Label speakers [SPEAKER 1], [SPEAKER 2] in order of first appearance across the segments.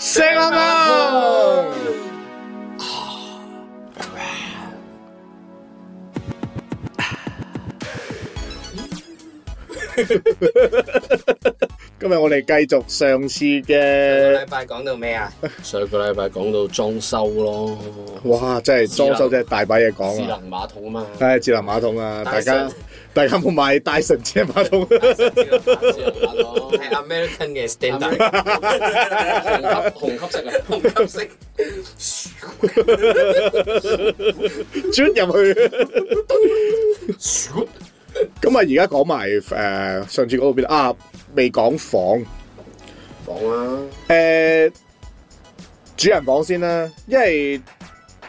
[SPEAKER 1] 醒啦！今日我哋繼續上次嘅
[SPEAKER 2] 上個禮拜講到咩呀上個禮拜講到
[SPEAKER 1] 裝修咯。哇！真係裝修真係大把嘢講。智能
[SPEAKER 2] 馬桶啊嘛，
[SPEAKER 1] 係智能馬桶啊，大家。大家冇買大神車馬桶，
[SPEAKER 2] 係 American 嘅 standard，紅級色嘅，
[SPEAKER 1] 鑽入去。咁啊，而家講埋誒，上次嗰度邊啊，未講房房啦，誒，主人房先啦，耶！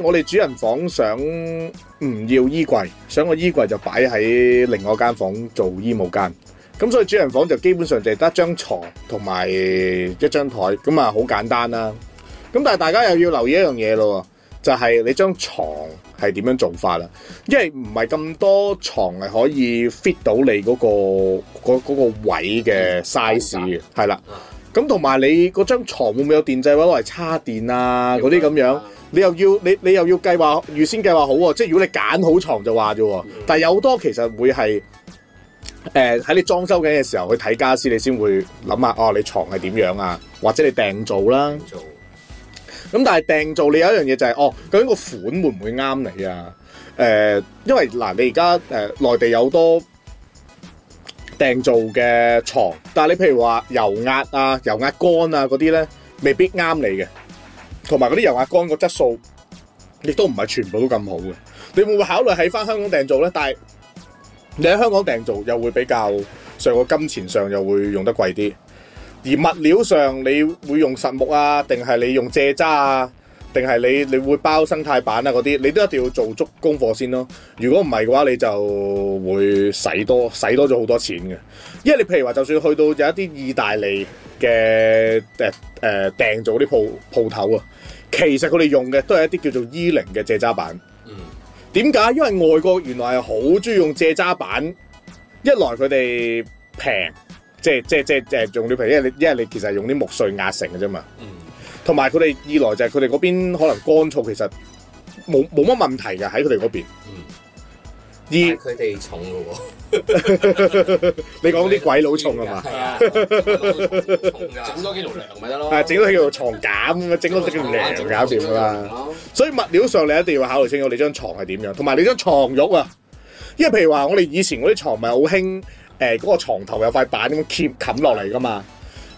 [SPEAKER 1] 我哋主人房想唔要衣櫃，想個衣櫃就擺喺另外間房間做衣帽間。咁所以主人房就基本上一張一張就係得張床同埋一張台，咁啊好簡單啦。咁但係大家又要留意一樣嘢咯，就係、是、你張床係點樣做法啦，因為唔係咁多床係可以 fit 到你嗰、嗰個，嗰、嗰個位嘅 size 係係啦。咁同埋你嗰張床會唔會有電掣位攞嚟叉電啊？嗰啲咁樣。你又要你你又要計劃預先計劃好喎，即係如果你揀好床就話啫喎。嗯、但有好多其實會係誒喺你裝修緊嘅時候去睇家私，你先會諗下哦，你床係點樣啊？或者你訂做啦。咁但係訂做，但但訂做你有一樣嘢就係、是、哦，究竟個款會唔會啱你啊？呃、因為嗱、呃、你而家、呃、內地有好多訂做嘅床，但你譬如話油壓啊、油壓杆啊嗰啲咧，未必啱你嘅。同埋嗰啲油壓桿個質素，亦都唔係全部都咁好嘅。你會唔會考慮喺返香港訂造咧？但係你喺香港訂造又會比較上個金錢上又會用得貴啲。而物料上，你會用實木啊，定係你用蔗渣啊，定係你你會包生態板啊嗰啲，你都一定要做足功課先咯。如果唔係嘅話，你就會使多使多咗好多錢嘅。因為你譬如話，就算去到有一啲意大利嘅誒誒訂造啲鋪鋪頭啊。其實佢哋用嘅都係一啲叫做 E0 嘅借渣板。嗯。點解？因為外國原來係好中意用借渣板，一來佢哋平，即係即係即係誒用料平，因為你因為你其實係用啲木碎壓成嘅啫嘛。嗯。同埋佢哋二來就係佢哋嗰邊可能乾燥，其實冇冇乜問題噶喺佢哋嗰邊。嗯。而佢哋
[SPEAKER 2] 重嘅。
[SPEAKER 1] 你講啲鬼佬重啊嘛？整多幾度梁咪得咯？整多幾度床減整多幾度梁就搞掂啦。所以物料上你一定要考慮清楚，你張床係點樣，同埋你張床褥啊。因為譬如話我哋以前嗰啲床咪好興，誒嗰個床頭有塊板咁樣冚落嚟噶嘛。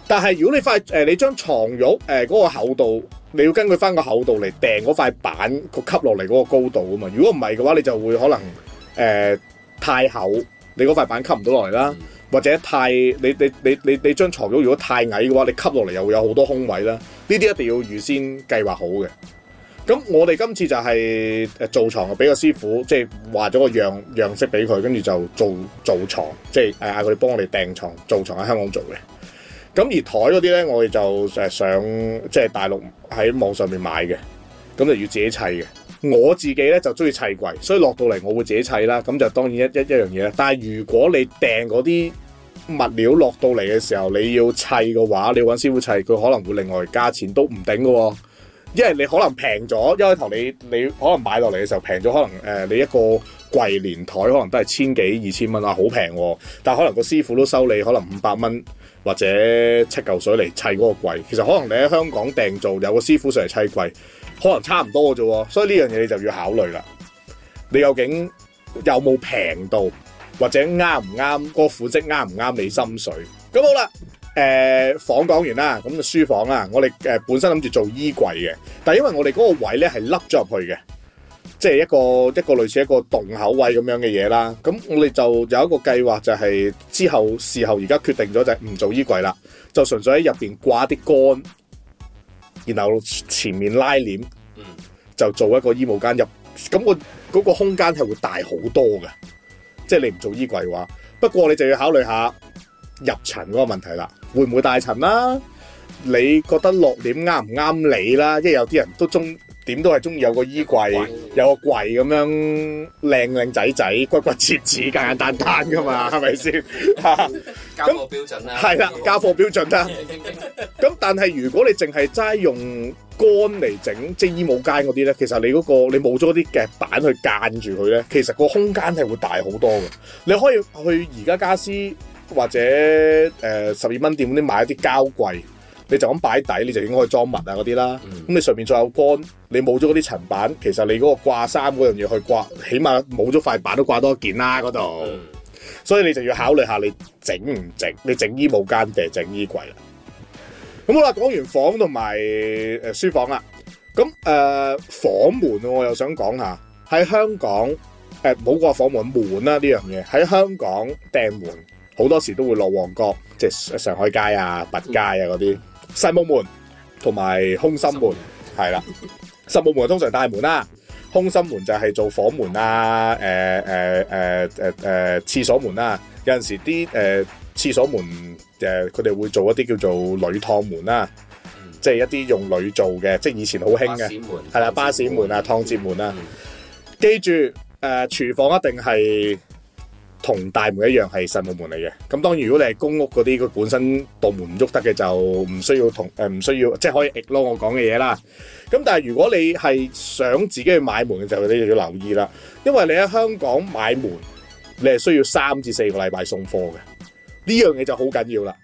[SPEAKER 1] 但係如果你塊誒你張床褥誒嗰個厚度，你要根據翻個厚度嚟訂嗰塊板個吸落嚟嗰個高度啊嘛。如果唔係嘅話，你就會可能誒太厚。你嗰塊板吸唔到落嚟啦，或者太你你你你你張牀褥如果太矮嘅話，你吸落嚟又會有好多空位啦。呢啲一定要預先計劃好嘅。咁我哋今次就係誒做床啊，俾個師傅即係畫咗個樣樣式俾佢，跟住就做做床，即係誒嗌佢哋幫我哋訂床，做床喺香港做嘅。咁而枱嗰啲咧，我哋就誒上即係大陸喺網上面買嘅，咁就要自己砌嘅。我自己咧就中意砌櫃，所以落到嚟我會自己砌啦。咁就當然一一一樣嘢啦。但係如果你訂嗰啲物料落到嚟嘅時候，你要砌嘅話，你揾師傅砌，佢可能會另外加錢都唔頂㗎喎。因為你可能平咗，一開頭你你可能買落嚟嘅時候平咗，呃，可能誒你一個櫃連台可能都係千幾二千蚊啊，好平喎。但可能個師傅都收你可能五百蚊或者七嚿水嚟砌嗰個櫃。其實可能你喺香港訂造有個師傅上嚟砌櫃。可能差唔多嘅啫，所以呢樣嘢你就要考慮啦。你究竟有冇平到，或者啱唔啱？嗰個款式啱唔啱你心水？咁好啦、呃，房講完啦，咁就書房啦，我哋本身諗住做衣櫃嘅，但係因為我哋嗰個位咧係凹咗入去嘅，即係一個一個類似一個洞口位咁樣嘅嘢啦。咁我哋就有一個計劃、就係，就係之後事後而家決定咗就係唔做衣櫃啦，就純粹喺入面掛啲杆，然後前面拉鏈。就做一個衣帽間入，咁個嗰個空間係會大好多嘅，即係你唔做衣櫃嘅話，不過你就要考慮一下入塵嗰個問題啦，會唔會大塵啦、啊？你覺得落點啱唔啱你啦、啊？即係有啲人都中。點都係中意有個衣櫃，有個櫃咁樣靚靚仔仔、骨骨切折、簡簡單單噶嘛，係咪先？交貨
[SPEAKER 2] 標準啦，係啦， 交貨標準啦。
[SPEAKER 1] 咁 但係如果你淨係齋用乾嚟，整即係衣帽間嗰啲咧，其實你嗰、個你冇咗啲夾板去間住佢咧，其實個空間係會大好多嘅。你可以去宜家家私或者誒十二蚊店啲買一啲膠櫃。你就咁擺底，你就應該可以裝物啊嗰啲啦。咁、嗯、你上面再有桿，你冇咗嗰啲層板，其實你嗰個掛衫嗰樣嘢去掛，起碼冇咗塊板都掛多件啦嗰度。嗯、所以你就要考慮一下你整唔整？你整衣帽間定整衣櫃啦。咁、嗯、好啦，講完房同埋誒書房啦。咁、呃、房門、啊、我又想講下喺香港冇、呃、個房門門啦呢樣嘢喺香港訂門好多時都會落旺角即係上海街啊、拔街啊嗰啲。嗯實木門同埋空心門係啦門，實木門通常係大門啦，空心門就係做房門啦，誒誒誒誒誒廁所門啦，有陣時啲誒、呃、廁所門誒佢哋會做一啲叫做鋁趟門啦，即係、嗯、一啲用鋁做嘅，即係以前好興嘅，係啦巴士門啊趟摺門啊、嗯、記住誒、呃、廚房一定係。同大門一樣係實木門嚟嘅，咁當然如果你係公屋嗰啲，佢本身度門唔喐得嘅，就唔需要同誒唔需要，即係可以逆咯我講嘅嘢啦。咁但係如果你係想自己去買門嘅時候，你就要留意啦，因為你喺香港買門，你係需要三至四個禮拜送貨嘅，呢樣嘢就好緊要啦。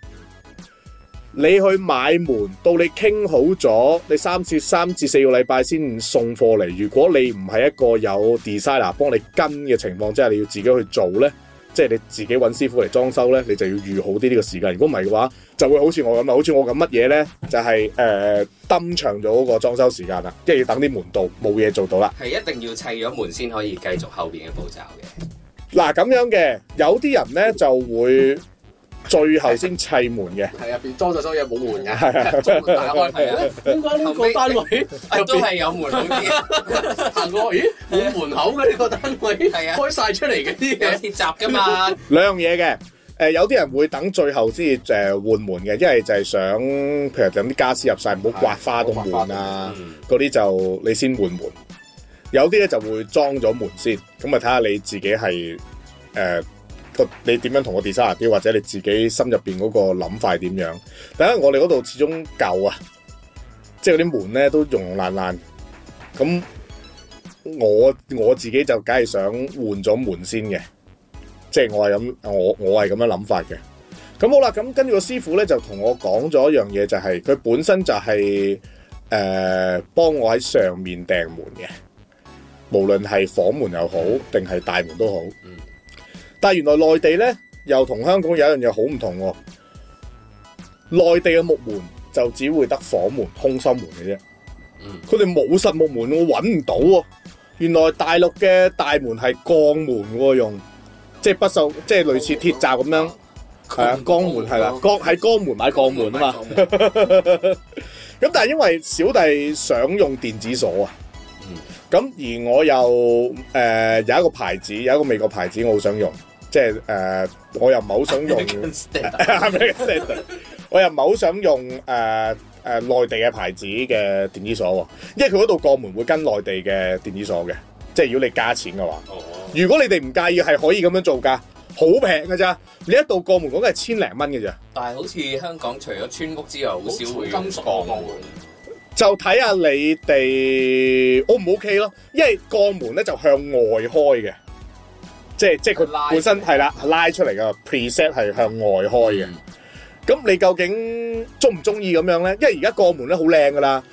[SPEAKER 1] 你去買門到你傾好咗，你三至三至四個禮拜先送貨嚟。如果你唔係一個有 designer 幫你跟嘅情況之下，你要自己去做咧。即係你自己揾師傅嚟裝修咧，你就要預好啲呢個時間。如果唔係嘅話，就會好似我咁啊，好似我咁乜嘢咧，就係、是、誒、呃，登場咗嗰個裝修時間啦，即係要等啲門度冇嘢做到啦，
[SPEAKER 2] 係一定要砌咗門先可以繼續後邊嘅步驟嘅。
[SPEAKER 1] 嗱，咁樣嘅，有啲人咧就會。最後先砌門嘅，
[SPEAKER 2] 係入邊裝咗的裝嘢
[SPEAKER 1] 冇門嘅，開係啊！點解呢個單位係面邊都係有門好
[SPEAKER 2] 啲 行過咦冇的門口嘅呢個單位係啊，的開晒出嚟嗰啲嘢，鐵閘㗎嘛？
[SPEAKER 1] 兩樣嘢嘅，誒有啲人會等最後先換門嘅，一係就係想，譬如等啲家私入晒，唔好刮花到門啊，嗰啲、啊嗯、就你先換門。有啲咧就會裝咗門先，咁啊睇下你自己係誒你點樣同我 design 或者你自己心入邊嗰個諗法點樣？第一，我哋嗰度始終舊啊，即係嗰啲門咧都溶溶爛爛。咁我我自己就梗係想換咗門先嘅，即係我係咁，我我係咁樣諗法嘅。咁好啦，咁跟住個師傅咧就同我講咗一樣嘢，就係、是、佢本身就係誒幫我喺上面訂門嘅，無論係房門又好，定係大門都好。但係原來內地咧，又同香港有一樣嘢好唔同喎、啊。內地嘅木門就只會得房門、空心門嘅啫。佢哋冇實木門，我揾唔到喎、啊。原來大陸嘅大門係鋼門喎、啊，用即係不鏽，即係類似鐵閘咁樣。係、嗯、啊，鋼門係門啦，鋼喺鋼門買鋼門啊嘛。咁 但係因為小弟想用電子鎖啊，咁、嗯、而我又誒、呃、有一個牌子，有一個美國牌子，我好想用。即係誒，uh, 我又唔係好想用，我又唔係好想用誒誒內地嘅牌子嘅電子鎖喎，因為佢嗰度鋼門會跟內地嘅電子鎖嘅，即係如果你加錢嘅話，oh. 如果你哋唔介意係可以咁樣做㗎，好平㗎咋，你一道鋼門嗰個係千零蚊嘅咋。
[SPEAKER 2] 但係好似香港除咗村屋之外，好少會有鋼門。
[SPEAKER 1] 就睇下你哋 O 唔 OK 咯，因為鋼門咧就向外開嘅。即係即係佢本身係啦，拉出嚟嘅 preset 係向外開嘅。咁、嗯、你究竟中唔中意咁樣咧？因為而家過門咧好靚噶啦，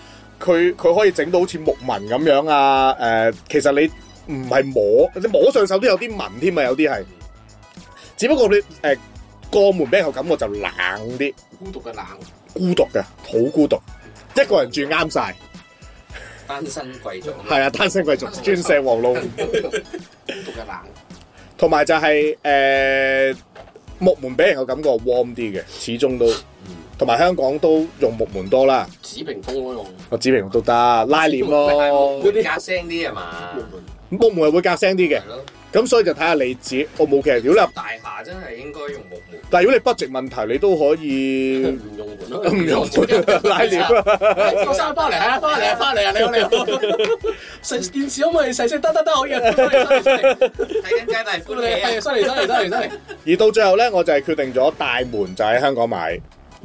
[SPEAKER 1] 佢佢可以整到好似木紋咁樣啊。誒、呃，其實你唔係摸，你摸上手都有啲紋添啊，有啲係。只不過你誒、呃、過門畀嘅感覺就冷啲，孤獨嘅冷，孤獨嘅好孤獨，一個人住啱晒。
[SPEAKER 2] 單身貴族係啊，
[SPEAKER 1] 單身貴族專射 黃路， 孤獨嘅冷。同埋就係、是、誒、欸、木門俾人嘅感覺 warm 啲嘅，始終都，同埋香港都用木門多啦。
[SPEAKER 2] 紙屏風用
[SPEAKER 1] 我紙屏都得，都拉鏈咯、啊。嗰啲隔
[SPEAKER 2] 聲啲啊嘛，
[SPEAKER 1] 木門，木門又會隔聲啲嘅，咁的所以就睇下你子，我冇嘅，如果入大
[SPEAKER 2] 廈真係應該用木。
[SPEAKER 1] 但如果你預算問題，你都可以唔用門咯，唔用門拉尿生包嚟啊，翻嚟啊，翻嚟啊！你好，你好。
[SPEAKER 2] 成電視咁啊，細聲得得得，可以。睇緊街
[SPEAKER 1] 犀
[SPEAKER 2] 利犀利犀利犀利。
[SPEAKER 1] 而到最後咧，我就係決定咗大門就喺香港買，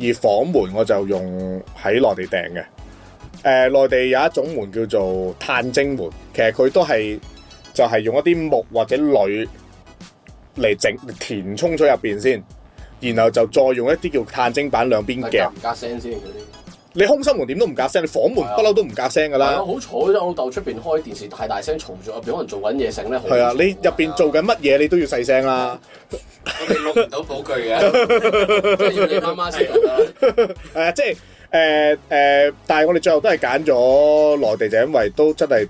[SPEAKER 1] 而房門我就用喺內地訂嘅。誒、啊，內地有一種門叫做碳晶門，其實佢都係就係用一啲木或者鋁嚟整填充咗入邊先。然後就再用一啲叫碳晶板兩邊夾，隔聲
[SPEAKER 2] 先嗰啲。
[SPEAKER 1] 你空心門點都唔隔聲，你房門不嬲都唔隔聲噶啦。好
[SPEAKER 2] 嘈，我老豆出邊開電視太大聲嘈咗入邊，可能做緊嘢成咧。係啊，你
[SPEAKER 1] 入邊做緊乜嘢，你都要細聲啦。我哋錄唔到寶句嘅，即係要你阿媽食。係啊，即係誒誒，但係我哋最後都係揀咗內地，就因為都真係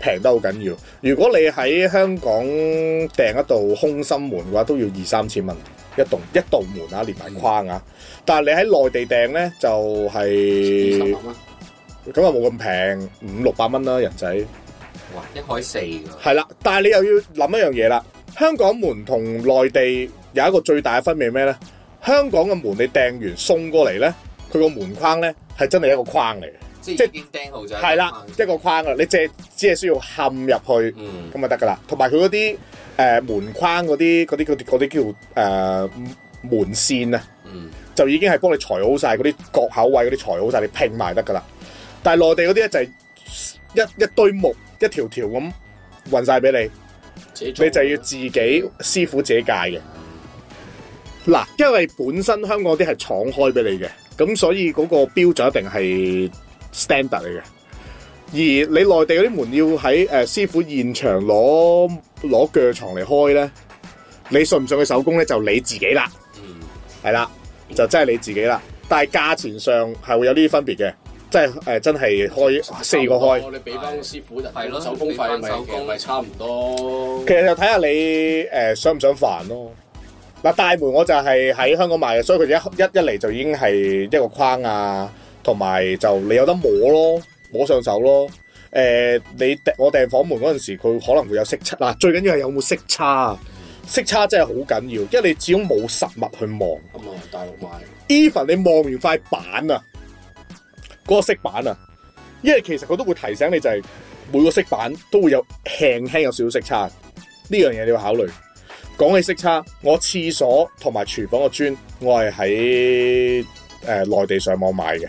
[SPEAKER 1] 平得好緊要。如果你喺香港訂一度空心門嘅話，都要二三千蚊，一道一道門啊，連埋框啊，嗯、但係你喺內地訂咧，就係幾十蚊，咁啊冇咁平，五六百蚊啦人仔。
[SPEAKER 2] 哇！一開四㗎。
[SPEAKER 1] 係啦，但係你又要諗一樣嘢啦。香港門同內地有一個最大嘅分別係咩咧？香港嘅門你訂完送過嚟咧，佢個門框咧係真係一個框嚟嘅。即係即已經釘好咗，係啦，一個框啦，你即只係需要嵌入去，咁啊得噶啦。同埋佢嗰啲誒門框嗰啲嗰啲啲叫誒、呃、門線啊，嗯、就已經係幫你裁好晒嗰啲角口位嗰啲裁好晒，你拼埋得噶啦。但係內地嗰啲咧就係一一堆木一條條咁運晒俾你，你就要自己、嗯、師傅自己界嘅。嗱，因為本身香港啲係敞開俾你嘅，咁所以嗰個標準就一定係 standard 嚟嘅，而你內地嗰啲門要喺誒、呃、師傅現場攞攞鋸牀嚟開咧，你信唔信佢手工咧就你自己啦，係啦、嗯，就真係你自己啦。但係價錢上係會有呢啲分別嘅，即係誒真係、呃、開四個開，
[SPEAKER 2] 你俾翻師傅就係咯手工費咪，手工咪差唔多。
[SPEAKER 1] 其實就睇下你誒、呃、想唔想煩咯。嗱、呃、大門我就係喺香港買嘅，所以佢一一一嚟就已經係一個框啊。同埋就你有得摸咯，摸上手咯、呃。你我訂房門嗰陣時，佢可能會有色差。嗱，最緊要係有冇色差啊？色差真係好緊要，因為你始終冇實物去望。咁啊、嗯，大陸買，even 你望完塊板啊、嗰、那個色板啊，因為其實佢都會提醒你，就係每個色板都會有輕輕有少少色差。呢樣嘢你要考慮。講起色差，我廁所同埋廚房嘅磚，我係喺、呃、內地上網買嘅。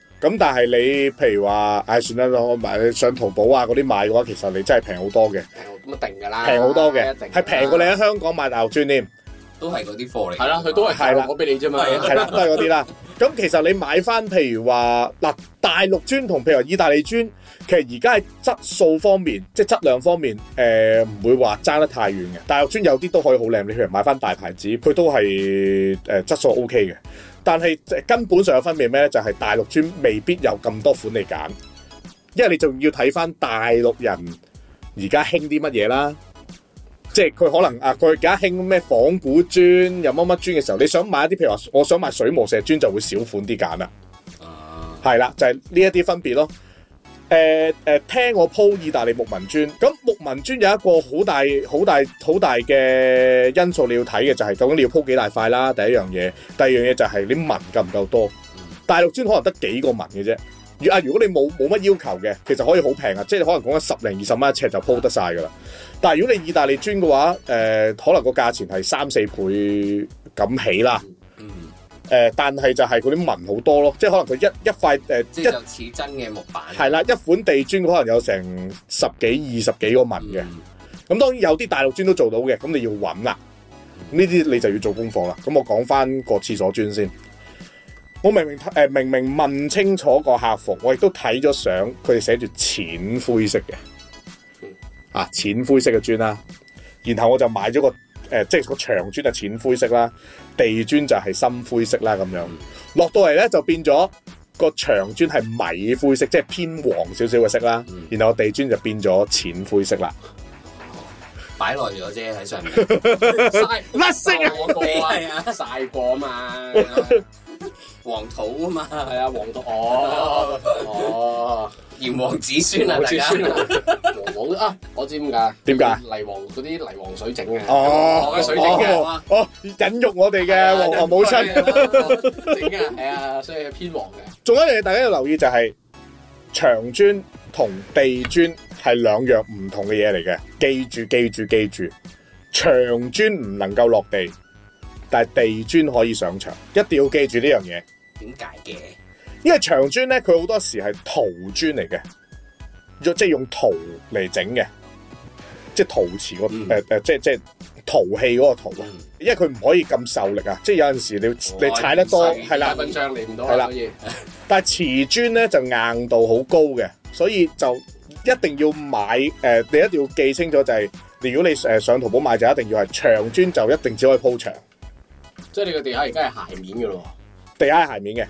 [SPEAKER 1] 咁但係你譬如話，唉，算啦啦，你上淘寶啊嗰啲買嘅話，其實你真係平好多嘅。平
[SPEAKER 2] 咁一定噶啦！平好多嘅，係平過你喺
[SPEAKER 1] 香港買大陸磚添。都係嗰
[SPEAKER 2] 啲貨嚟。係啦，佢都係係啦，我俾你啫嘛。係啦了， 都係嗰
[SPEAKER 1] 啲啦。咁其實你買翻譬如話嗱，大陸磚同譬如意大利磚，其實而家係質素方面，即係質量方面，誒、呃、唔會話爭得太遠嘅。大陸磚有啲都可以好靚，你譬如買翻大牌子，佢都係誒質素 OK 嘅。但係，根本上有分別咩咧？就係大陸磚未必有咁多款嚟揀，因為你仲要睇翻大陸人而家興啲乜嘢啦。即係佢可能啊，佢而家興咩仿古磚，又乜乜磚嘅時候，你想買一啲譬如話，我想買水磨石磚就會少款啲揀啦。係啦，就係呢一啲分別咯。誒誒、呃呃，聽我鋪意大利木紋磚，咁木紋磚有一個好大好大好大嘅因素，你要睇嘅就係、是、究竟你要鋪幾大塊啦，第一樣嘢，第二樣嘢就係你紋夠唔夠多。大陸磚可能得幾個紋嘅啫，啊，如果你冇冇乜要求嘅，其實可以好平啊。即係你可能講緊十零二十蚊一尺就鋪得晒噶啦。但係如果你意大利磚嘅話，誒、呃，可能個價錢係三四倍咁起啦。誒，但係就係嗰啲紋好多咯，即係可能佢一一塊誒，即
[SPEAKER 2] 似真嘅木板。係
[SPEAKER 1] 啦，一款地磚可能有成十幾、二十幾個紋嘅。咁、嗯、當然有啲大陸磚都做到嘅，咁你要揾啦。呢啲你就要做功課啦。咁我講翻個廁所磚先。我明明誒、呃、明明問清楚個客服，我亦都睇咗相，佢哋寫住淺灰色嘅啊，淺灰色嘅磚啊。然後我就買咗個誒、呃，即係個牆磚啊，淺灰色啦。地磚就係深灰色啦，咁樣落到嚟咧就變咗個牆磚係米灰色，即係偏黃少少嘅色啦。然後地磚就變咗淺灰色啦，
[SPEAKER 2] 擺耐咗啫喺上面，曬甩色啊？係啊，啊曬過啊嘛，啊 黃土啊嘛，係啊，黃土哦哦。 哦。炎黃子孫啊嚟黃啊，我知點解？點解？泥黃嗰啲泥黃水整嘅，黃嘅水整
[SPEAKER 1] 嘅，哦，引育我哋嘅黃黃母親。整嘅？
[SPEAKER 2] 係啊，所以係偏黃
[SPEAKER 1] 嘅。仲有一樣嘢大家要留意就係，牆磚同地磚係兩樣唔同嘅嘢嚟嘅，記住記住記住，牆磚唔能夠落地，但係地磚可以上牆，一定要記住呢樣嘢。點解嘅？因為牆磚咧，佢好多時係陶磚嚟嘅，用即係用陶嚟整嘅，即係陶瓷誒誒，即係、嗯呃、即係陶器嗰個陶啊。嗯、因為佢唔可以咁受力啊，即係有陣時候你哇你踩得多係
[SPEAKER 2] 啦，大笨象嚟唔用了到係啦。
[SPEAKER 1] 但係瓷磚咧就硬度好高嘅，所以就一定要買誒、呃，你一定要記清楚就係、是，如果你誒上淘寶買就一定要係牆磚，就一定只可以鋪牆。即
[SPEAKER 2] 係你個地下而家係鞋
[SPEAKER 1] 面噶咯，地下係鞋面嘅。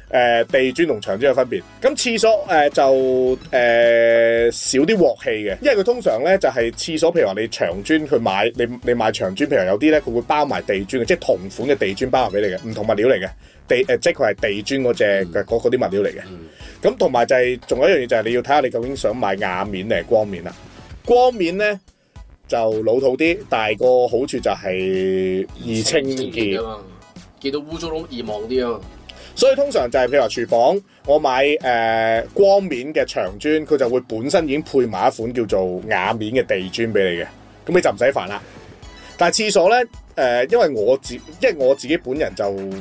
[SPEAKER 1] 誒地磚同牆磚有分別，咁廁所誒、呃、就誒、呃、少啲鑊氣嘅，因為佢通常咧就係、是、廁所，譬如話你牆磚去買，你你買牆磚，譬如有啲咧佢會包埋地磚嘅，即係同款嘅地磚包埋俾你嘅，唔同物料嚟嘅地、呃、即係佢係地磚嗰隻嘅嗰啲物料嚟嘅。咁同埋就係、是、仲有一樣嘢就係、是、你要睇下你究竟想買瓦面定係光面啦。光面咧就老土啲，但係個好處就係易清潔啊嘛，
[SPEAKER 2] 見到污糟都易望啲啊。
[SPEAKER 1] 所以通常就係、是、譬如話廚房，我買誒、呃、光面嘅牆磚，佢就會本身已經配埋一款叫做啞面嘅地磚俾你嘅，咁你就唔使煩啦。但係廁所咧，誒、呃，因為我自我自己本人就唔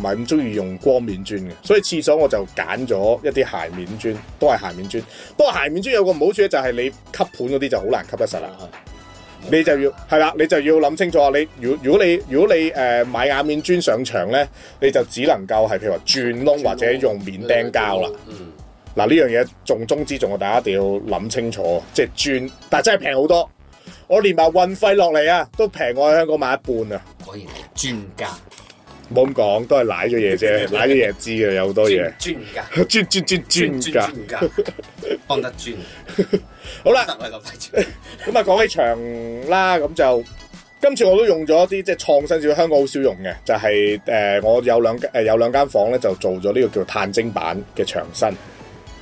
[SPEAKER 1] 係咁中意用光面磚嘅，所以廁所我就揀咗一啲鞋面磚，都係鞋面磚。不過鞋面磚有個唔好處咧，就係、是、你吸盤嗰啲就好難吸得實啦。你就要係啦，你就要諗清楚你如如果你如果你誒、呃、買瓦面磚上牆咧，你就只能夠係譬如話轉窿孔或者用免釘膠啦。嗯，嗱呢樣嘢重中之重啊！大家一定要諗清楚，即係磚，但係真係平好多。我連埋運費落嚟啊，都平我喺香港買一半啊！果然專家，冇咁講，都係賴咗嘢啫，賴咗嘢知啊，有好多嘢。專家，專專專專專家，
[SPEAKER 2] 安德專。
[SPEAKER 1] 好啦，咁啊講起牆啦，咁就今次我都用咗啲即係創新少，香港好少用嘅，就係誒我有兩誒有兩間房咧，就做咗呢個叫碳晶板嘅牆身，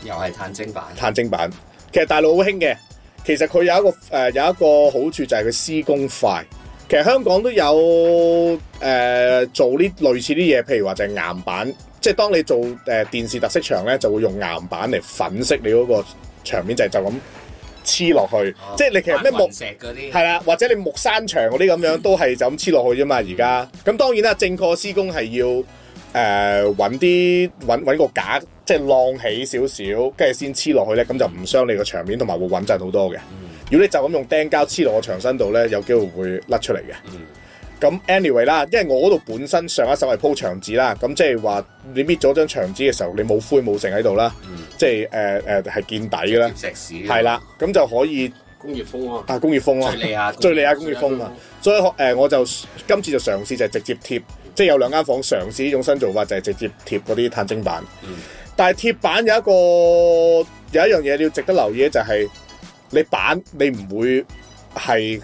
[SPEAKER 2] 又係碳晶板，
[SPEAKER 1] 碳晶板其實大陸好興嘅，其實佢有一個誒有一個好處就係佢施工快，其實香港都有誒做呢類似啲嘢，譬如話就係岩板，即係當你做誒電視特色牆咧，就會用岩板嚟粉飾你嗰個牆面，就係就咁。黐落去，哦、即係你其實咩木石嗰啲，係啦、啊，或者你木山牆嗰啲咁樣，都係就咁黐落去啫嘛。而家咁當然啦，正確施工係要誒搵啲搵搵個架，即係晾起少少，跟住先黐落去咧，咁就唔傷你個牆面，同埋會穩陣好多嘅。嗯、如果你就咁用釘膠黐落個牆身度咧，有機會會甩出嚟嘅。嗯咁 anyway 啦，因為我嗰度本身上一手係鋪牆紙啦，咁即係話你搣咗張牆紙嘅時候，你冇灰冇剩喺度啦，即係誒誒係見底嘅啦，石屎係啦，咁就可以工業風咯、啊，啊，工業風咯、啊，敍利亞敍利亞工業，工，業工業風啊，所以誒我就今次就嘗試就係直接貼，即係、嗯、有兩間房嘗試呢種新做法，就係直接貼嗰啲碳晶板。嗯、但係貼板有一個有一樣嘢你要值得留意嘅就係、是、你板你唔會係。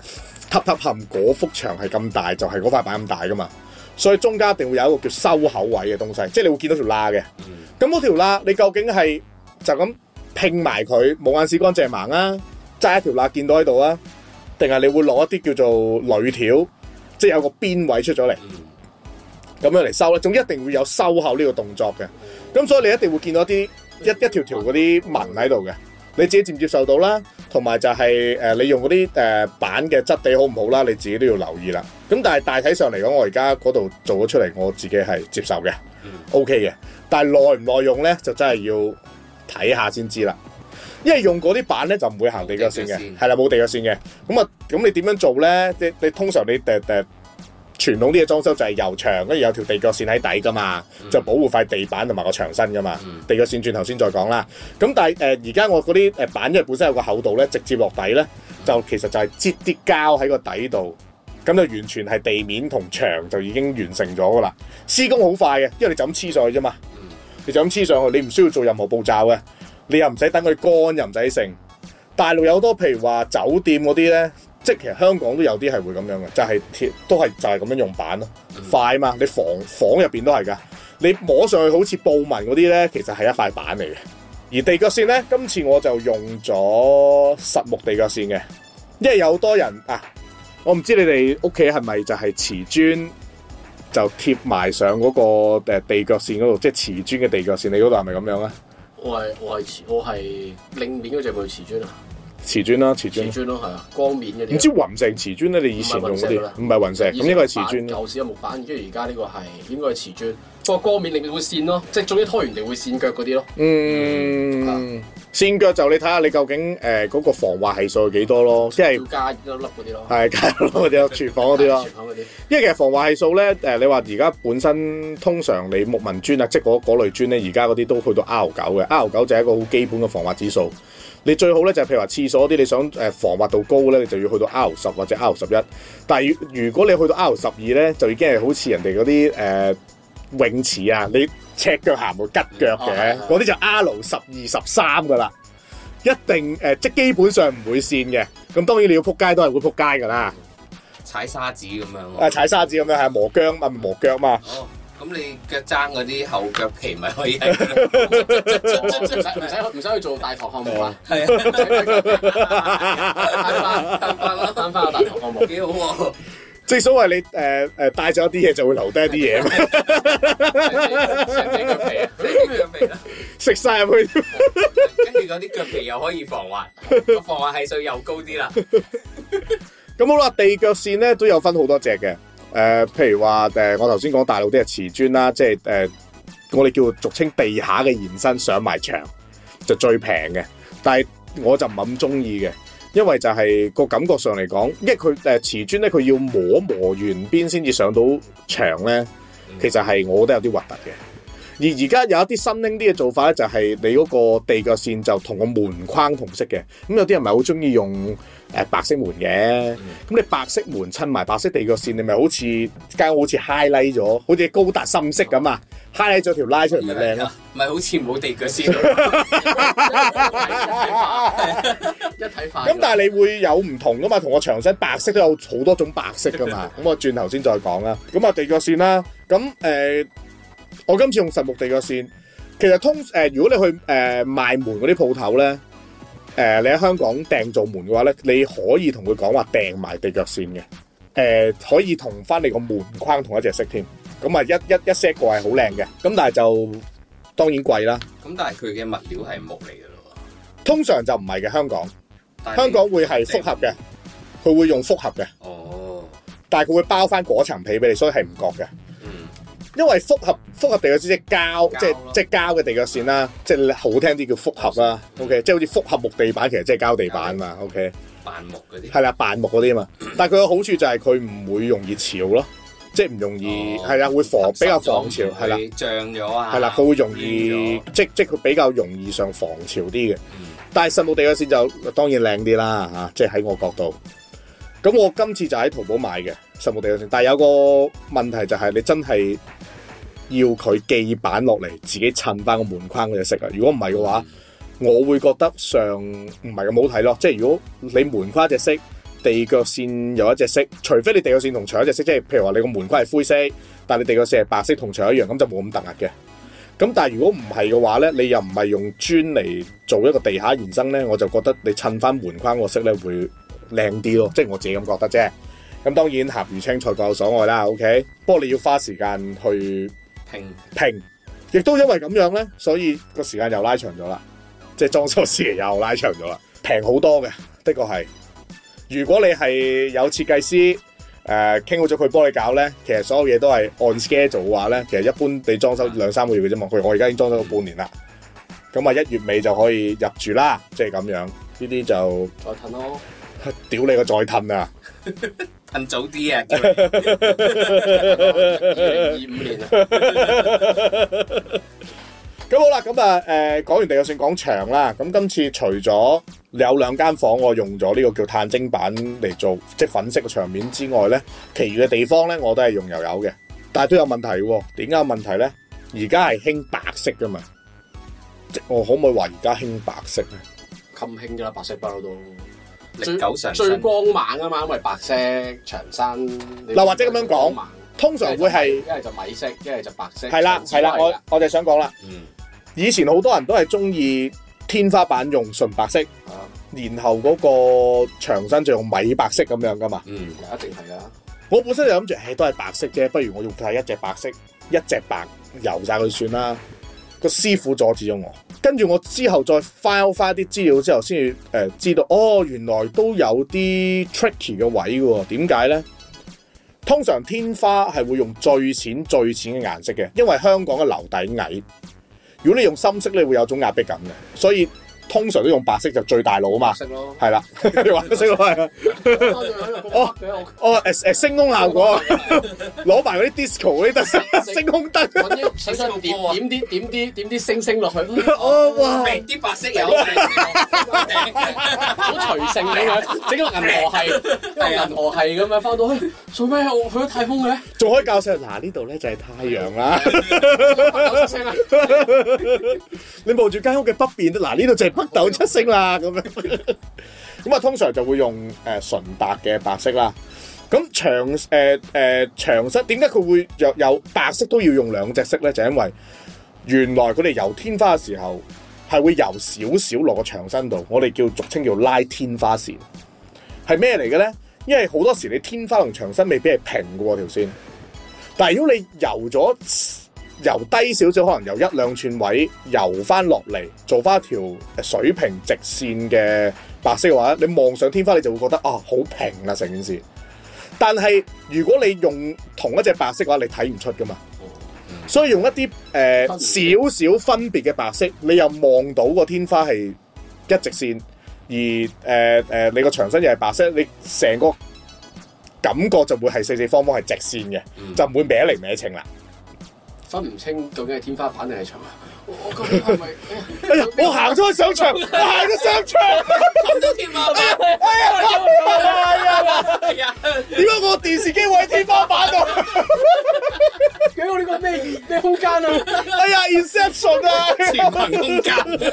[SPEAKER 1] 塔塔含嗰幅牆係咁大，就係嗰塊板咁大噶嘛，所以中間一定會有一個叫收口位嘅東西，即係你會見到條罅嘅。咁嗰條罅，你究竟係就咁拼埋佢，冇眼屎乾淨盲啊，揸一條罅見到喺度啊，定係你會攞一啲叫做鋁條，即係有個邊位出咗嚟，咁樣嚟收咧，總之一定會有收口呢個動作嘅。咁所以你一定會見到啲一一條條嗰啲紋喺度嘅。你自己接唔接受到啦？同埋就係誒，你用嗰啲誒板嘅質地好唔好啦？你自己都要留意啦。咁但係大體上嚟講，我而家嗰度做咗出嚟，我自己係接受嘅，OK 嘅。但係耐唔耐用咧，就真係要睇下先知啦。因為用嗰啲板咧就唔會行地腳線嘅，係啦，冇地腳線嘅。咁啊，咁你點樣做咧？即係你，你，你通常你，你，你，你傳統啲嘅裝修就係油牆，跟住有條地腳線喺底噶嘛，嗯、就保護塊地板同埋個牆身噶嘛。地腳線轉頭先再講啦。咁但係而家我嗰啲、呃、板因為本身有個厚度咧，直接落底咧，就其實就係擠啲膠喺個底度，咁就完全係地面同牆就已經完成咗噶啦。施工好快嘅，因為你就咁黐上去啫嘛。你就咁黐上去，你唔需要做任何步驟嘅，你又唔使等佢乾，又唔使成。大陸有好多譬如話酒店嗰啲咧。即係其實香港都有啲係會咁樣嘅，就係、是、貼都係就係咁樣用板咯，嗯、快嘛！你房房入邊都係噶，你摸上去好似布紋嗰啲咧，其實係一塊板嚟嘅。而地腳線咧，今次我就用咗實木地腳線嘅，因為有好多人啊，我唔知你哋屋企係咪就係瓷磚就貼埋上嗰個誒，地腳線嗰度，即係瓷磚嘅地腳線，你嗰度係咪咁樣啊？
[SPEAKER 2] 我係我係我係另面嗰隻係咪瓷磚啊？
[SPEAKER 1] 瓷磚啦，瓷磚、啊。瓷磚
[SPEAKER 2] 咯，係啊，啊，光面
[SPEAKER 1] 啲、啊。唔知雲石瓷磚咧，你以前用嗰啲？唔係雲石。咁呢個係瓷磚。舊
[SPEAKER 2] 時嘅木板，跟住而家呢個係應該係瓷磚。不過光面你咪會跣咯，即係總之拖完地會跣腳嗰啲
[SPEAKER 1] 咯。嗯。跣腳、啊、就你睇下你究竟誒嗰、呃那個防滑係數係幾多咯？即係要加一粒粒嗰啲咯。係 加一粒粒或者廚房嗰啲咯。廚房嗰啲。因為其實防滑係數咧誒，你話而家本身通常你木紋磚啊，即係嗰嗰類磚咧，而家嗰啲都去到 R 九嘅，R 九就係一個好基本嘅防滑指數。你最好咧就譬如話廁所啲你想誒防滑度高咧，你就要去到 R 十或者 R 十一。但係如果你去到 R 十二咧，就已經係好似人哋嗰啲誒泳池啊，你赤腳行會吉腳嘅，嗰啲、嗯哦哦、就係 R 十二十三噶啦，一定誒即係基本上唔會跣嘅。咁當然你要仆街都係會仆街㗎啦、哦啊，
[SPEAKER 2] 踩沙子咁樣。誒，
[SPEAKER 1] 踩沙子咁樣係磨薑嘛，磨腳嘛。哦
[SPEAKER 2] 咁你腳踭嗰啲後腳皮咪可以係佢？唔使唔使唔使去做大堂項目啦。係 啊，等翻個大堂項目
[SPEAKER 1] 幾好喎。正所謂你誒誒帶咗一啲嘢，就會留低一啲嘢。長啲 腳皮啊，食、那、啲、個、腳皮啦，食曬入去，跟住嗰
[SPEAKER 2] 啲腳皮又可以防滑，個防滑係數又高啲啦。
[SPEAKER 1] 咁好啦，地腳線咧都有分好多隻嘅。誒、呃，譬如話誒、呃，我頭先講大陸啲嘅瓷磚啦，即係誒、呃，我哋叫俗稱地下嘅延伸上埋牆就最平嘅，但係我就唔咁中意嘅，因為就係個感覺上嚟講，因為佢誒瓷磚咧，佢要磨磨完邊先至上到牆咧，其實係我覺得有啲核突嘅。而而家有一啲新拎啲嘅做法咧，就係你嗰個地腳線就同個門框同色嘅。咁有啲人咪好中意用誒白色門嘅。咁你白色門襯埋白色地腳線，你咪好似間屋好似 highlight 咗，好似高達深色咁啊！highlight 咗條拉出嚟咪靚咯。
[SPEAKER 2] 唔係好似冇地腳線。一
[SPEAKER 1] 體
[SPEAKER 2] 化。咁 體化但
[SPEAKER 1] 係你會有唔同㗎嘛？同個牆身白色都有好多種白色㗎嘛。咁我轉頭先再講啦。咁啊地腳線啦。咁誒。我今次用實木地腳線，其實通誒、呃，如果你去誒、呃、賣門嗰啲鋪頭咧，誒、呃，你喺香港訂做門嘅話咧，你可以同佢講話訂埋地腳線嘅，誒、呃，可以同翻你個門框同一隻色添，咁啊，一一一 set 過係好靚嘅，咁但係就當然貴啦。
[SPEAKER 2] 咁但係佢嘅物
[SPEAKER 1] 料係木嚟噶咯，通常就唔係嘅，香港是香港會係複合嘅，佢你會用複合嘅，哦，但係佢會包翻嗰層皮俾你，所以係唔覺嘅。因為複合複合地腳線即係膠，即係即係膠嘅地腳線啦，即係好聽啲叫複合啦。OK，即係好似複合木地板，其實即係膠地板嘛。OK，板木嗰啲係啦，板木嗰啲吖嘛。但係佢嘅好處就係佢唔會容易潮咯，即係唔容易係啦，會防比較防潮係啦，
[SPEAKER 2] 漲咗啊係
[SPEAKER 1] 啦，佢會容易即即佢比較容易上防潮啲嘅。但係實木地腳線就當然靚啲啦吓，即係喺我角度咁，我今次就喺淘寶買嘅實木地腳線，但係有個問題就係你真係要佢寄板落嚟，自己襯翻個門框嘅隻色啊！如果唔係嘅話，我會覺得上唔係咁好睇咯。即係如果你門框隻色、地腳線有一隻色，除非你地腳線同牆一隻色，即係譬如話你個門框係灰色，但你地腳線係白色同牆一樣，咁就冇咁突兀嘅。咁但係如果唔係嘅話咧，你又唔係用磚嚟做一個地下延伸咧，我就覺得你襯翻門框個色咧會靚啲咯。即係我自己咁覺得啫。咁當然鹹魚青菜各有所愛啦，OK？不過你要花時間去。平平，亦都因為咁樣咧，所以個時間又拉長咗啦，即係裝修時期又拉長咗啦，平好多嘅，的確係。如果你係有設計師誒傾、呃、好咗佢幫你搞咧，其實所有嘢都係按 schedule 嘅話咧，其實一般你裝修兩三個月嘅啫嘛，譬如我而家已經裝修咗半年啦，咁啊一月尾就可以入住啦，即係咁樣呢啲就再褪咯。屌你個再褪啊！
[SPEAKER 2] 趁早啲啊！ 二,
[SPEAKER 1] 二,二五年啊， 咁好啦，咁、呃、啊，誒，講完地又算講牆啦。咁今次除咗有兩間房我用咗呢個叫碳晶板嚟做，即係粉色嘅牆面之外咧，其餘嘅地方咧，我都係用油油嘅，但係都有問題、啊。點解有問題咧？而家係興白色噶嘛？即我可唔可以話而家興白色咧？咁興噶啦，白色不嬲都。
[SPEAKER 2] 最最光猛啊嘛，因為白色長身。嗱，或者咁樣
[SPEAKER 1] 講，通常會係
[SPEAKER 2] 一係就米色，一係就白色。係啦係啦，
[SPEAKER 1] 係我我就想講啦。嗯，以前好多人都係中意天花板用純白色，啊、然後嗰個長身就用米白色咁樣噶嘛。嗯，
[SPEAKER 2] 一定係啦、
[SPEAKER 1] 啊。我本身就諗住、哎，都係白色啫，不如我用係一隻白色，一隻白油晒佢算啦。個師傅阻止咗我，跟住我之後再 file 翻啲資料之後，先至誒知道，哦，原來都有啲 tricky 嘅位嘅，點解呢？通常天花係會用最淺最淺嘅顏色嘅，因為香港嘅樓底矮。如果你用深色，你會有種壓迫感嘅，所以。通常都用白色就最大腦啊嘛，係啦，用白色咯，係啊，哦哦，誒誒，星空效果，攞埋嗰啲 disco 嗰啲燈，
[SPEAKER 2] 星空燈，喺上邊點點啲點啲點啲星星落去，哦哇，啲白色有，好隨性嘅，整個銀河系，銀河系咁樣翻到，做咩我去咗太空嘅？
[SPEAKER 1] 仲可以教晒嗱呢度咧就係太陽啦，你望住間屋嘅北邊，嗱呢度就係。黑豆出聲啦，咁樣咁啊，通常就會用誒、呃、純白嘅白色啦。咁牆誒誒牆身點解佢會有有白色都要用兩隻色咧？就因為原來佢哋油天花嘅時候係會油少少落個牆身度，我哋叫俗稱叫做拉天花線，係咩嚟嘅咧？因為好多時你天花同牆身未必係平噶喎條線，但係如果你油咗。由低少少，可能由一兩寸位游翻落嚟，做翻一條水平直線嘅白色嘅話，你望上天花，你就會覺得啊，好平啦，成件事。但係如果你用同一隻白色嘅話，你睇唔出噶嘛。所以用一啲誒少少分別嘅白色，你又望到個天花係一直線，而誒誒、呃呃，你個牆身又係白色，你成個感覺就會係四四方方係直線嘅，嗯、就唔會歪嚟歪傾啦。
[SPEAKER 2] 分唔清究竟係天花板定係牆啊！我我係咪？我行咗上牆，我行咗上牆，行到天花板！哎呀！哎呀！點解我電視機會喺天花板度？點
[SPEAKER 1] 解我呢個咩？咩空間啊？哎呀！Inception 啊！潛行空間，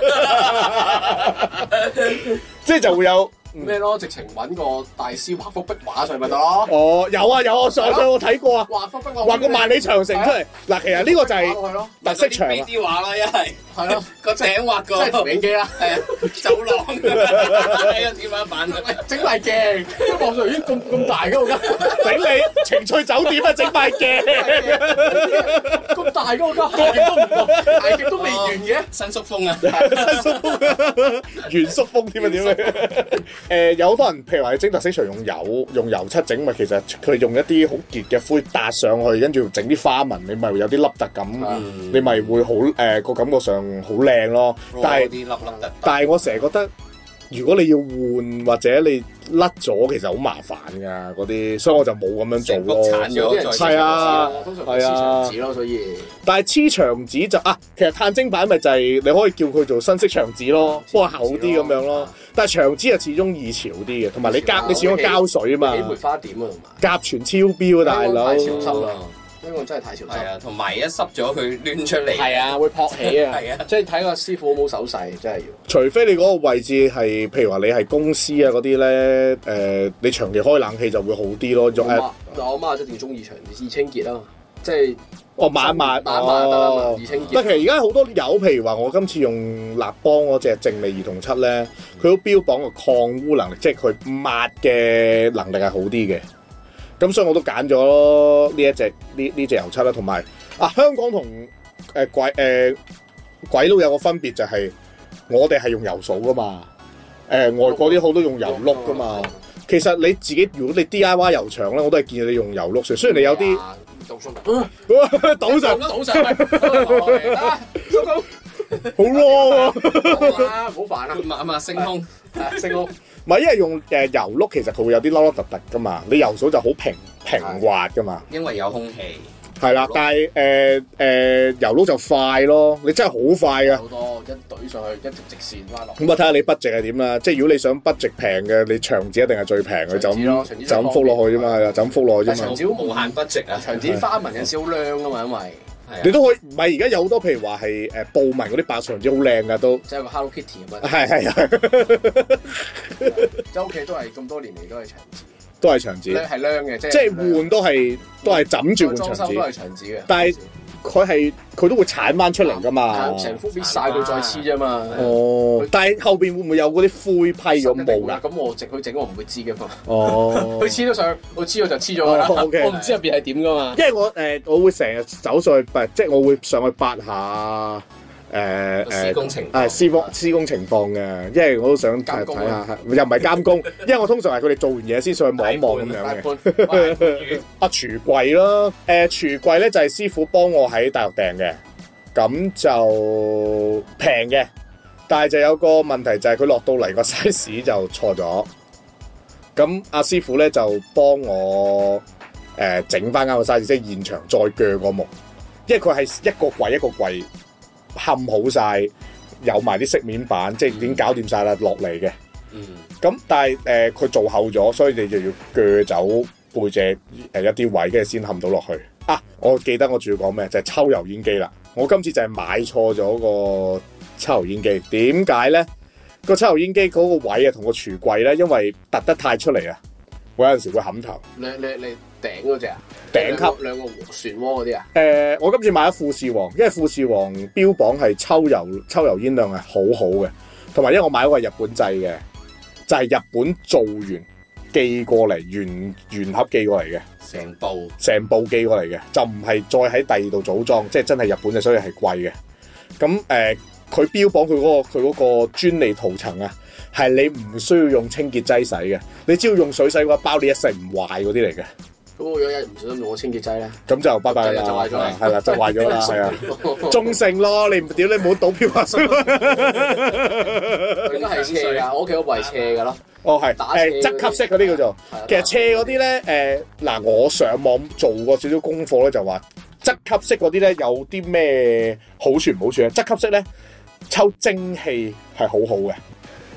[SPEAKER 1] 即係就會有。咩咯？直情
[SPEAKER 2] 搵個大
[SPEAKER 1] 師畫幅壁畫上嚟咪得咯？哦，有啊有啊，我上上我睇過啊！
[SPEAKER 2] 畫幅壁畫，畫個萬里長城出嚟。
[SPEAKER 1] 嗱、啊，其實呢個就係嗱，特色牆啲
[SPEAKER 2] 畫啦，一係係咯個井畫個、 啊、影機啦、啊，係啊走廊點 樣辦、啊啊、 整塊鏡？望上已經咁咁大噶，我覺得整理情趣酒店啊，整塊鏡。大好多，大極都唔同，極都未完嘅，新縮風啊，新縮
[SPEAKER 1] 風，原縮風點啊點啊？誒，有好多人，譬如話你整特色，牆用油用油漆整，咪其實佢用一啲好結嘅灰搭上去，跟住整啲花紋，你咪會有啲凹凸感，你咪會好誒個感覺上好靚咯。但係啲凹凸，但係我成日覺得。如果你要換或者你甩咗，其實好麻煩噶嗰啲，所以我就冇咁樣做咯。鏟咗，有啲人黐牆紙，黐牆紙咯。所以，但係黐牆紙就啊，其實碳晶板咪就係你可以叫佢做新式牆紙咯，不過厚啲咁樣咯。但係牆紙啊，始終易潮啲嘅，同埋你夾，你始終膠水啊嘛。啲梅花點啊，甲醛超標啊，大佬。
[SPEAKER 2] 香港真係太潮濕，同埋一濕咗佢亂出嚟，啊，係啊，會撲起啊，是啊即係睇個師傅好冇手勢，真係
[SPEAKER 1] 要。除非你嗰個位置係，譬如話你係公司啊嗰啲咧，誒、呃，你長期開冷氣就會好啲咯。我阿
[SPEAKER 2] 我阿媽一定要中意長期易清潔啊嘛，即係哦抹
[SPEAKER 1] 一抹，抹一抹啦，易清潔。但、哦、其實而家好多有，譬如話我今次用立邦嗰隻淨味兒童漆咧，佢都標榜個抗污能力，即係佢抹嘅能力係好啲嘅。咁所以我都揀咗呢一隻呢呢隻油漆啦，同埋啊香港同誒鬼誒鬼佬有個分別就係我哋係用油掃㗎嘛，誒外國啲好多用油碌㗎嘛。其實你自己如果你 DIY 油牆咧，我都係建議你用油碌，雖然你有啲。賭上，賭啦，收工。好囉好啦，
[SPEAKER 2] 好煩啦，啊嘛，升空。升
[SPEAKER 1] 唔係因為用誒油碌。其實佢會有啲凹凹凸凸噶嘛，你油掃就好平平滑噶嘛，
[SPEAKER 2] 因為有空氣。
[SPEAKER 1] 係啦的，漆但係誒誒油碌就快咯，你真係好快噶，好多
[SPEAKER 2] 一懟上去，一直直線翻落。咁啊，睇下
[SPEAKER 1] 你 budget 係點啦，即係如果你想 budget 平嘅，你牆紙一定係最平嘅，牆紙咯就咁咁覆落去啫嘛，咁覆落去啫嘛，牆紙
[SPEAKER 2] 無限 budget 啊，牆紙花紋有少少靚噶
[SPEAKER 1] 嘛，因為。啊、你都可以，唔係而家有好多，譬如話係誒布紋嗰啲白牆紙，好靚噶都。即係個 Hello Kitty 咁樣！係係係，
[SPEAKER 2] 即屋企都係咁多年嚟都係牆
[SPEAKER 1] 紙，都係牆紙，係晾嘅，係係就係、即係換都係是都係枕住換牆紙，的都係牆紙嘅。但係是。但佢係佢都會剷翻出嚟噶嘛，成幅畀晒佢再黐啫嘛。哦，它但係後邊會唔會有嗰啲灰批咁冇㗎？咁我直去整，我唔會，哦 okay. 知嘅嘛。哦，佢
[SPEAKER 2] 黐咗上去，我黐咗就黐咗佢啦。我唔知入邊係點㗎嘛。因為
[SPEAKER 1] 我誒、呃，我會成日走上去，即、就、係、是、我會上去拔下。誒誒，誒施工施工情況嘅，因為我都想睇下，又唔係監工，因為我通常係佢哋做完嘢先上去望一望咁樣嘅。阿櫥櫃咯，誒櫥櫃咧就係師傅幫我喺大陸訂嘅，咁就平嘅，但係就有個問題就係佢落到嚟個 size 就錯咗，咁阿師傅咧就幫我誒整翻啱個 size，即係現場再鋸個木，因為佢係一個櫃一個櫃。冚好晒，有埋啲飾面板，即係已經搞掂晒啦，落嚟嘅。咁、mm hmm。但係誒，佢、呃、做厚咗，所以你就要鋸走背脊誒一啲位，跟住先冚到落去。啊，我記得我仲要講咩？就係、是、抽油煙機啦。我今次就係買錯咗個抽油煙機。點解咧？呢個抽油煙機嗰個位啊，同個廚櫃咧，因為凸得太出嚟啊，我有陣時會冚頭。
[SPEAKER 2] 你你你。頂嗰隻啊，頂級兩個漩渦嗰啲
[SPEAKER 1] 啊。誒、呃，我今次買咗富士王，因為富士王標榜係抽油抽油煙量係好好嘅，同埋因為我買咗個是日本製嘅，就係、是、日本做完寄過嚟原原盒寄過嚟嘅，成部成部寄過嚟嘅，就唔係再喺第二度組裝，即、就、係、是、真係日本嘅，所以係貴嘅。咁誒，佢、呃、標榜佢嗰、那個佢嗰個專利塗層啊，係你唔需要用清潔劑洗嘅，你只要用水洗嘅話，包你一世唔壞嗰啲嚟嘅。咁我有一一唔小心用我清潔劑咧，咁就拜拜啦，就壞咗啦，係啦， 就壞咗啦，係啊，中性咯，你唔屌你好倒票啊！應該
[SPEAKER 2] 係斜噶，
[SPEAKER 1] 我屋企部係斜噶咯，哦係， 誒，側吸式嗰啲叫做，其實斜嗰啲咧，誒，嗱，我上網做過少少功課咧，就話側吸式嗰啲咧有啲咩好處唔好處咧？側吸式咧抽蒸汽係好好嘅。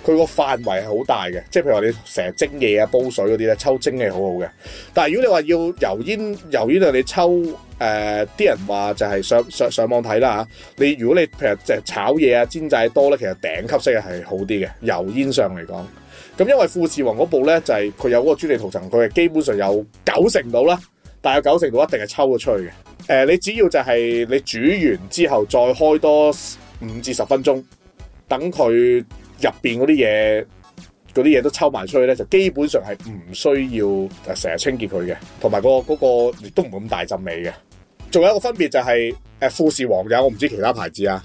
[SPEAKER 1] 佢個範圍係好大嘅，即係譬如話你成日蒸嘢啊、煲水嗰啲咧，抽蒸氣係好好嘅。但係如果你話要油煙、油煙啊、呃，你抽誒啲人話就係上上上網睇啦嚇。你如果你譬如即係炒嘢啊、煎製多咧，其實頂級式係好啲嘅油煙上嚟講。咁因為富士皇嗰部咧就係、是、佢有嗰個專利塗層，佢係基本上有九成度啦，但係有九成度一定係抽咗出去嘅。誒、呃，你只要就係你煮完之後再開多五至十分鐘，等佢。入邊嗰啲嘢，嗰啲嘢都抽埋出去咧，就基本上係唔需要誒成日清潔佢嘅，同埋、嗰個嗰、嗰個亦都唔會咁大陣味嘅。仲有一個分別就係、係、誒富士皇有，我唔知道其他牌子啊。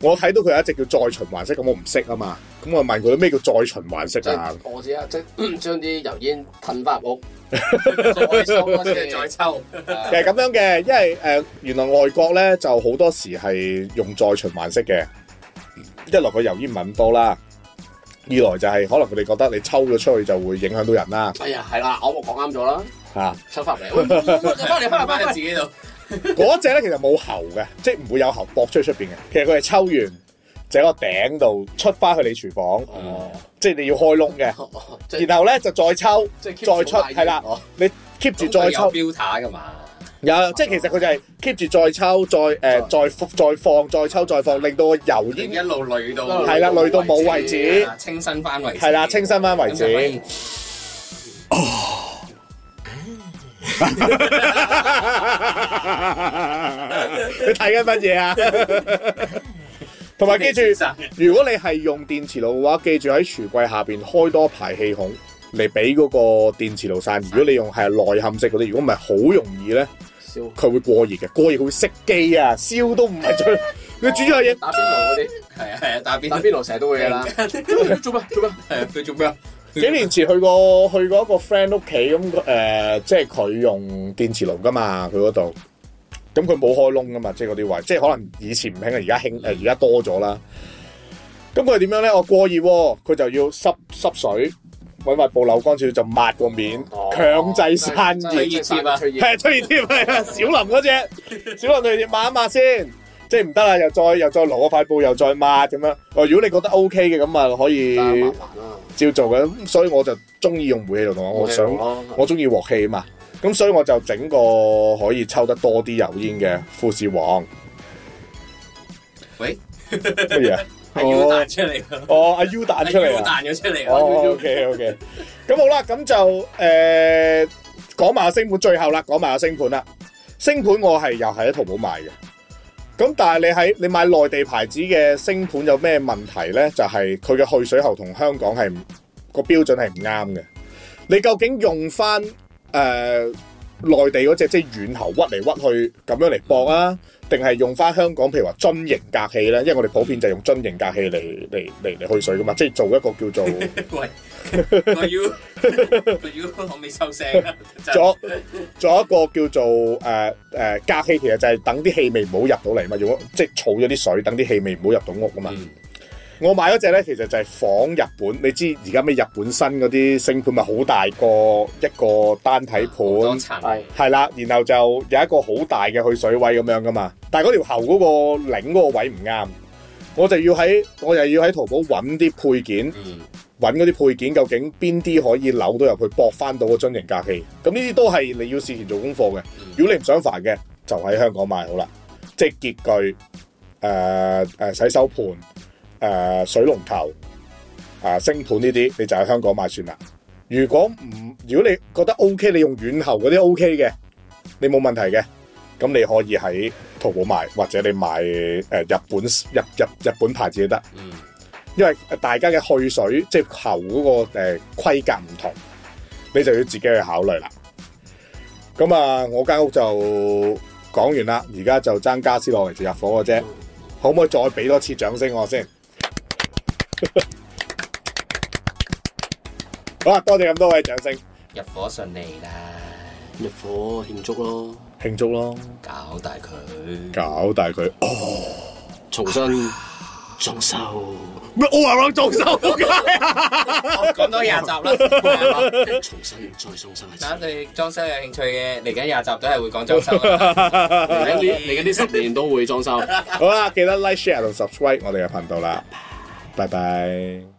[SPEAKER 1] 我睇到佢有一隻叫再循環式，咁我唔識啊嘛。咁我問佢咩叫再循環式啊？我知啊，即將
[SPEAKER 2] 啲油煙噴翻入屋，再， 再抽，其實
[SPEAKER 1] 咁樣嘅，因為誒、呃、原來外國咧就好多時係用再循環式嘅。一來個油煙唔多啦，二來就係可能佢哋覺得你抽咗出去就會影響到人啦。哎
[SPEAKER 2] 呀，係啦，我冇講啱咗啦，吓收翻嚟，我幫你翻落翻自己
[SPEAKER 1] 度。嗰隻咧其實冇喉嘅，即係唔會有喉駁出出邊嘅。其實佢係抽完就喺個頂度出翻去你廚房，哦，即係你要開窿嘅，
[SPEAKER 2] 然後咧
[SPEAKER 1] 就再抽，再出係啦，你 keep 住再抽。有，嗯、即係其實佢就係 keep 住再抽再誒、呃、再再，再放再抽再放，令到個油煙一
[SPEAKER 2] 路累到係啦，對了累到冇位置，清新翻為止。係啦， 清新翻為止。哦，
[SPEAKER 1] 你睇緊乜嘢啊？同埋記住， 如果你係用電磁爐嘅話，記住喺櫥櫃下邊開多排氣孔。嚟俾嗰個電磁爐散。如果你用係內嵌式嗰啲，如果唔係好容易咧，燒佢烤會過熱嘅，過熱佢會熄機啊，燒都唔係最。佢、啊、主咗係嘢打邊爐嗰啲，
[SPEAKER 2] 係啊係啊，打邊打邊爐成日都會啦。 做咩 做咩？
[SPEAKER 1] 係你做咩？幾年前去過 去過一個 friend 屋企咁誒，即係佢用電磁爐噶嘛，佢嗰度，咁佢冇開窿噶嘛，即係嗰啲位，即係可能以前唔興，而家興，而家多咗啦。咁佢點樣咧？我過熱，佢就要濕濕水。搵塊布扭光住就抹個面，強制散熱，係、哦、吹熱貼啊，係啊，小林嗰隻， 小林你抹一抹先，即係唔得啦，又再又再攞塊布又再抹咁樣，哦，如果你覺得 O K 嘅咁啊可以，照做嘅，所以我就中意用煤氣爐同我，我想、嗯、我中意鑊氣啊嘛，咁所以我就整個可以抽得多啲油煙嘅富士王，喂，乜嘢。 係 U 彈出嚟噶，啊、哦，阿、哦啊、U 彈出嚟，U 彈咗出嚟，OK，OK，咁好啦，咁就誒講埋個星盆最後啦，講埋個星盆啦，星盆我係又係喺淘寶買嘅，咁但係你喺你買內地牌子嘅星盆有咩問題咧？就係佢嘅去水喉同香港係、個標準係唔啱嘅，你究竟用翻誒內地嗰隻即係軟喉屈嚟屈去咁樣嚟駁啊？定係用翻香港，譬如話樽型隔氣咧，因為我哋普遍就係用樽型隔氣嚟嚟嚟嚟去水噶嘛，即係做一個叫做 喂，我要，我要，
[SPEAKER 2] 我未收聲。就係、
[SPEAKER 1] 做做一個叫做誒誒隔氣，其實就係等啲氣味唔好入到嚟嘛，如果，即係儲咗啲水，等啲氣味唔好入到屋啊嘛。嗯。我買嗰隻咧，其實就係仿日本。你知而家咩日本新嗰啲升盤咪好大個一個單體盤，係係啦，然後就有一個好大嘅去水位咁樣噶嘛。但係嗰條喉嗰個領嗰個位唔啱，我就要喺我就要喺淘寶揾啲配件，揾嗰啲配件究竟邊啲可以扭到入去駁翻到個樽型架器。咁呢啲都係你要事前做功課嘅。嗯、如果你唔想煩嘅，就喺香港買好啦，即係潔具，誒、呃、誒洗手盤。誒、呃，水龍頭，誒、啊，星盆呢啲你就喺香港買算啦。如果唔，如果你覺得 O、OK, K，你用軟喉嗰啲 O K 嘅，你冇問題嘅，咁你可以喺淘寶買，或者你買誒、呃、日本日日日本牌子都得。嗯。因為大家嘅去水即係喉嗰個誒規、呃、格唔同，你就要自己去考慮啦。咁啊，我間屋就講完啦，而家就爭家私落嚟，就入伙嘅啫，可唔可以再俾多次掌聲我先？好啦！多謝咁多位掌聲。入伙順利啦，入
[SPEAKER 2] 伙慶祝
[SPEAKER 1] 咯，慶祝咯，搞大佢，搞大佢，哦，重新裝修，咩？我話我
[SPEAKER 2] 裝修，講多廿集啦。重新再裝修。嗱，對裝修有興趣嘅，嚟緊廿集都係會講裝修。嚟緊呢嚟緊呢十年都會裝修。好
[SPEAKER 1] 啦，記得 like、share 同 subscribe 我哋嘅頻道啦。拜拜。